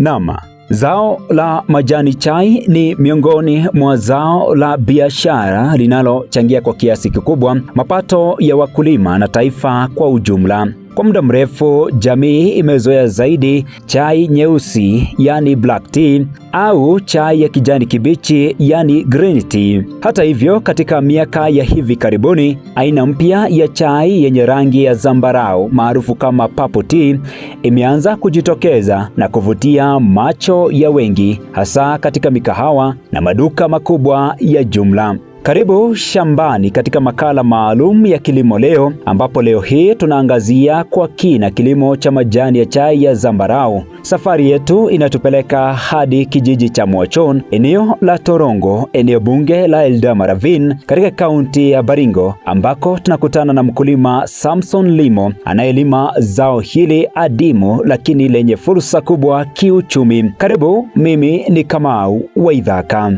Naam, zao la majani chai ni miongoni mwa zao la biashara linalochangia kwa kiasi kikubwa mapato ya wakulima na taifa kwa ujumla. Kwa muda mrefu jamii imezoea zaidi chai nyeusi yani black tea au chai ya kijani kibichi yani green tea. Hata hivyo, katika miaka ya hivi karibuni, aina mpya ya chai yenye rangi ya zambarau maarufu kama purple tea imeanza kujitokeza na kuvutia macho ya wengi, hasa katika mikahawa na maduka makubwa ya jumla. Karibu shambani katika makala maalum ya kilimo leo, ambapo leo hii tunaangazia kwa kina kilimo cha majani ya chai ya zambarau. Safari yetu inatupeleka hadi kijiji cha Mwachon, eneo la Torongo, eneo bunge la Eldama Ravine katika kaunti ya Baringo, ambako tunakutana na mkulima Samson Limo anayelima zao hili adimu lakini lenye fursa kubwa kiuchumi. Karibu, mimi ni Kamau Waidhaka.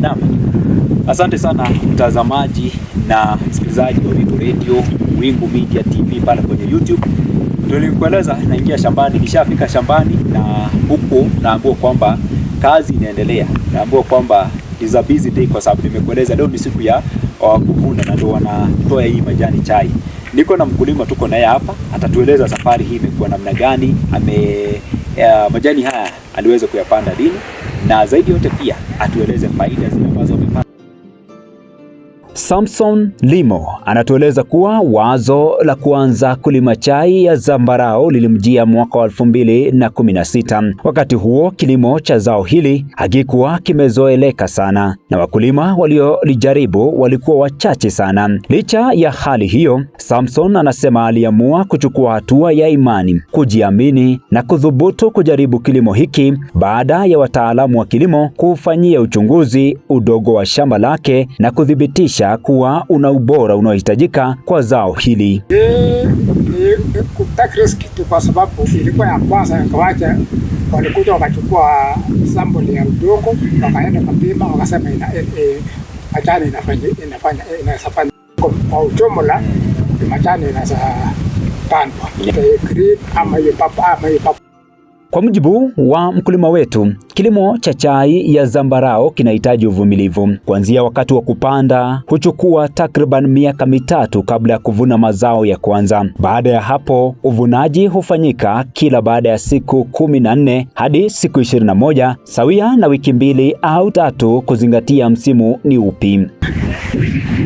Naam. Asante sana mtazamaji na msikilizaji wa Wingu Radio, Wingu Media TV pale kwenye YouTube. Tulikueleza naingia shambani, nishafika shambani na huko naambiwa kwamba kazi inaendelea. Naambiwa kwamba is a busy day kwa sababu nimekueleza leo ni siku ya uh, kuvuna na ndio wanatoa hii majani chai. Niko na mkulima tuko naye hapa, atatueleza safari hii imekuwa namna gani, ame uh, majani haya aliweza kuyapanda lini na zaidi yote pia atueleze faida zile Samson Limo anatueleza kuwa wazo la kuanza kulima chai ya zambarau lilimjia mwaka wa 2016. Wakati huo kilimo cha zao hili hakikuwa kimezoeleka sana na wakulima waliolijaribu walikuwa wachache sana. Licha ya hali hiyo, Samson anasema aliamua kuchukua hatua ya imani, kujiamini na kudhubutu kujaribu kilimo hiki baada ya wataalamu wa kilimo kuufanyia uchunguzi udogo wa shamba lake na kuthibitisha kuhakikisha kuwa una ubora unaohitajika kwa zao hili. Kitu kwa sababu ilikuwa ya kwanza kawake walikuja wakachukua sampuli ya udongo wakaenda wakasema eh, eh, majani inafanya inafanya kwa ujumla majani ama papa ama papa kwa mujibu wa mkulima wetu, kilimo cha chai ya zambarao kinahitaji uvumilivu. Kuanzia wakati wa kupanda huchukua takriban miaka mitatu kabla ya kuvuna mazao ya kwanza. Baada ya hapo, uvunaji hufanyika kila baada ya siku kumi na nne hadi siku ishirini na moja sawia na wiki mbili au tatu, kuzingatia msimu ni upi.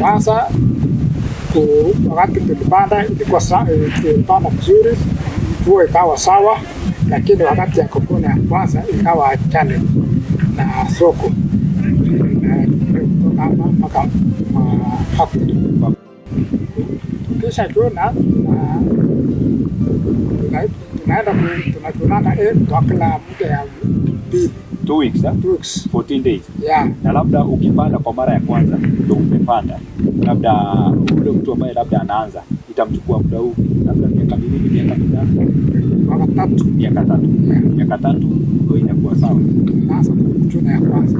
Kwanza wakati tulipanda ilikuwa eh, tulipanda vizuri, mvua ikawa sawa lakini wakati ya kopona ya kwanza ikawa chane na soko mpaka hapo. Kisha tuna tunaenda tunachunanga kila muda ya mbili two weeks, huh? Eh? Two weeks. 14 days. Yeah. Na labda ukipanda kwa mara ya kwanza ndio umepanda, labda ule mtu ambaye labda anaanza itamchukua muda huu labda miaka miwili, miaka mitatu, miaka tatu, miaka tatu, miaka tatu ndio inakuwa sawa. Sasa tunaona ya kwanza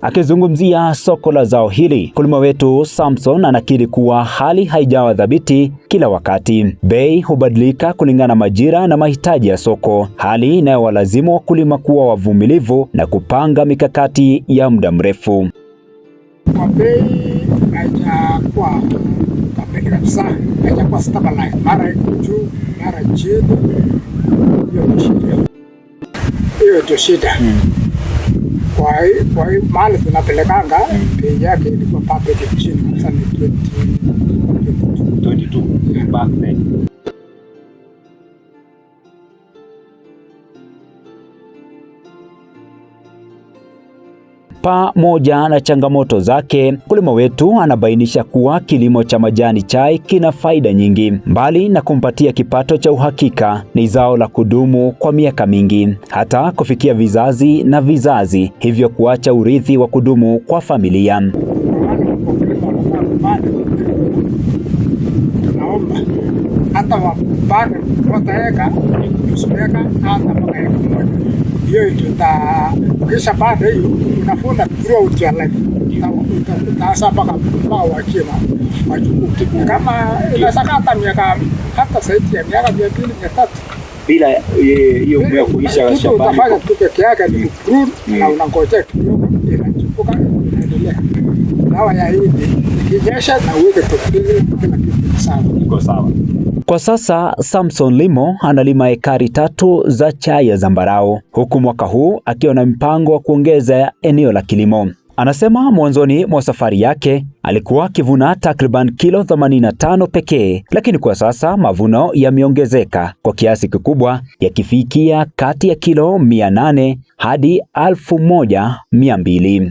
Akizungumzia soko la zao hili, mkulima wetu Samson anakiri kuwa hali haijawa dhabiti kila wakati. Bei hubadilika kulingana na majira na mahitaji ya soko, hali inayowalazimu wakulima kuwa wavumilivu na kupanga mikakati ya muda mrefu. Kwa bei haijakuwa kamili kabisa, haijakuwa stabilize, mara iko juu, mara chini. Hiyo ndio shida. Hmm. Kwa hiyo mali tunapelekanga bei yake ilikuwa chini kabisa, ni 22 back then pamoja na changamoto zake, mkulima wetu anabainisha kuwa kilimo cha majani chai kina faida nyingi. Mbali na kumpatia kipato cha uhakika, ni zao la kudumu kwa miaka mingi, hata kufikia vizazi na vizazi, hivyo kuacha urithi wa kudumu kwa familia. hata wabana wataweka nusu eka hata mpaka eka moja. Hiyo tuta kisha baada hiyo unafunda throughout your life, utaasa mpaka mpaka wakima wajukuu, kama inasaka hata miaka hata zaidi ya miaka mia mbili mia tatu bila hiyo mmea kuisha shambani, utafanya tu peke yake ni prune mm. na unangojea kidogo inachipuka inaendelea. Dawa ya hii na Kwa sasa Samson Limo analima ekari tatu za chai ya zambarau, huku mwaka huu akiwa na mpango wa kuongeza eneo la kilimo. Anasema mwanzoni mwa safari yake alikuwa akivuna takriban kilo 85 pekee, lakini kwa sasa mavuno yameongezeka kwa kiasi kikubwa, yakifikia kati ya kilo 800 hadi 1200.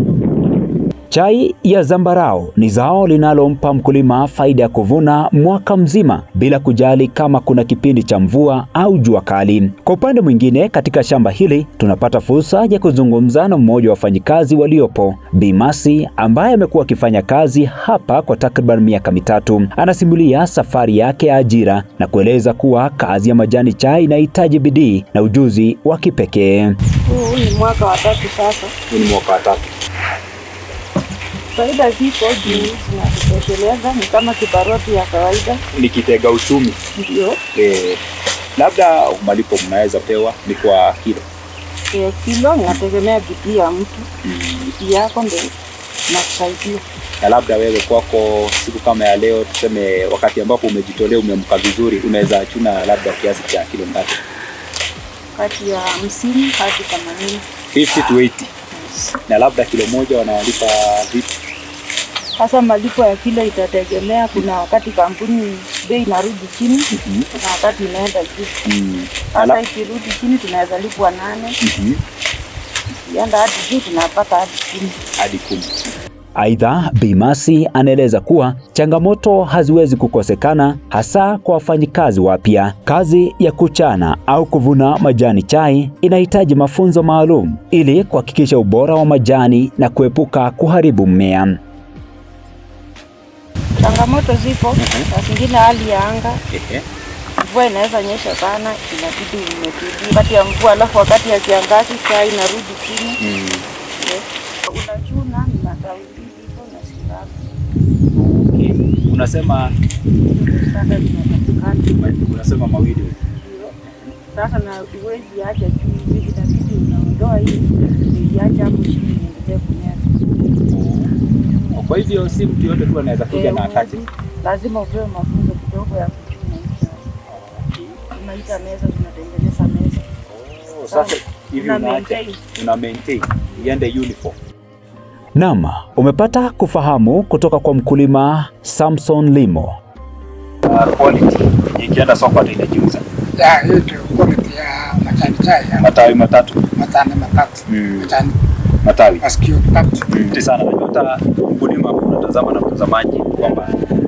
Chai ya zambarao ni zao linalompa mkulima faida ya kuvuna mwaka mzima bila kujali kama kuna kipindi cha mvua au jua kali. Kwa upande mwingine, katika shamba hili tunapata fursa ya kuzungumza na mmoja wa wafanyikazi waliopo, Bimasi, ambaye amekuwa akifanya kazi hapa kwa takriban miaka mitatu. Anasimulia safari yake ya ajira na kueleza kuwa kazi ya majani chai inahitaji bidii na ujuzi wa kipekee. Huu ni mwaka wa tatu sasa. Huu ni mwaka wa tatu faida ziko juu zinatutosheleza, ni kama kibarua tu ya kawaida, ni kitega uchumi. Ndio eh, labda malipo mnaweza pewa ni kwa kilo eh? Kilo inategemea bidii ya mtu mm. Bidii yako ndio nakusaidia. Na labda wewe kwako, siku kama ya leo, tuseme wakati ambapo umejitolea, umeamka vizuri, unaweza chuna labda kiasi cha kilo ngapi? Kati ya hamsini hadi themanini, 50 to 80 na labda kilo moja wanawalipa vipi? Sasa malipo ya kila itategemea, kuna wakati kampuni bei inarudi chini mm -hmm. na wakati inaenda juu mm -hmm. ikirudi chini tunaweza lipwa nane mm -hmm. hadi juu tunapata hadi kumi hadi kumi. Aidha, Bimasi anaeleza kuwa changamoto haziwezi kukosekana hasa kwa wafanyikazi wapya. Kazi ya kuchana au kuvuna majani chai inahitaji mafunzo maalum ili kuhakikisha ubora wa majani na kuepuka kuharibu mmea. Changamoto zipo na mhm. zingine, hali ya anga, mvua inaweza nyesha sana, inabidi umepidi kati ya mvua, alafu wakati ya kiangazi saa inarudi chini, mm. unachuna na tawi na silabu. Unasema unasema mawili sasa, na uwezi acha juu inabidi unaondoa hii, uiacha hapo chini iendelee kumea. Mm. Kwa hivyo si mtu yote tu anaweza kuja na wakati. Lazima upewe mafunzo kidogo ya tunaita meza, tunatengeneza meza. Oh, sasa hivi una maintain iende uniform. Naam, umepata kufahamu kutoka kwa mkulima Samson Limo. Uh, quality ikienda soko itajiuza. Yeah, hiyo ndio quality ya matani chai. Matawi matatu. Matani matatu. Mm. Matani matawi. Asante sana Nyota, mkulima unatazama na mtazamaji kwamba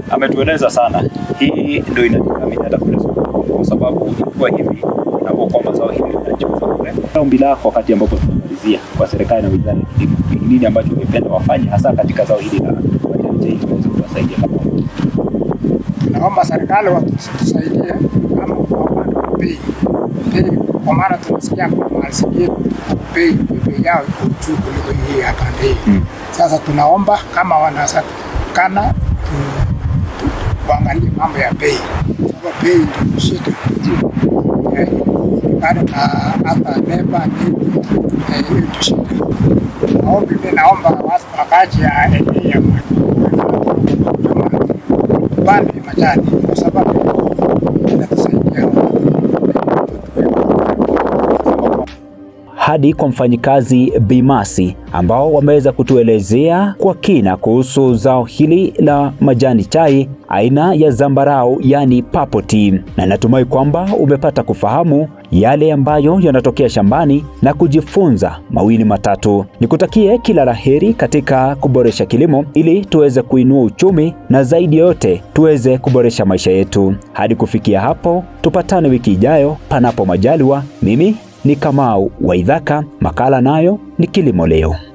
ametueleza sana, hii ndio inadhamini hata kule sokoni, kwa sababu ilikuwa hivi inapokuwa mazao hivi yanachoza kule. Ombi lako wakati ambapo tunamalizia kwa serikali na wizara ya kilimo, nini ambacho ungependa wafanye hasa katika zao hili la majani tuweze kuwasaidia kama naomba serikali watusaidie kama kwa bei kwa mara tunasikia bei bei yao iko juu kuliko hii hapa bei. Hmm. Sasa tunaomba kama kana tuangalie mambo ya bei, sababu bei ndio shida eh, bado na hata neba eh, naomba ya eneo ya majani kwa sababu hadi kwa mfanyikazi Bimasi ambao wameweza kutuelezea kwa kina kuhusu zao hili la majani chai aina ya zambarau, yani purple tea, na natumai kwamba umepata kufahamu yale ambayo yanatokea shambani na kujifunza mawili matatu. Nikutakie kila laheri katika kuboresha kilimo ili tuweze kuinua uchumi na zaidi yote tuweze kuboresha maisha yetu. Hadi kufikia hapo, tupatane wiki ijayo, panapo majaliwa. Mimi ni Kamau Waidhaka. makala nayo ni Kilimo Leo.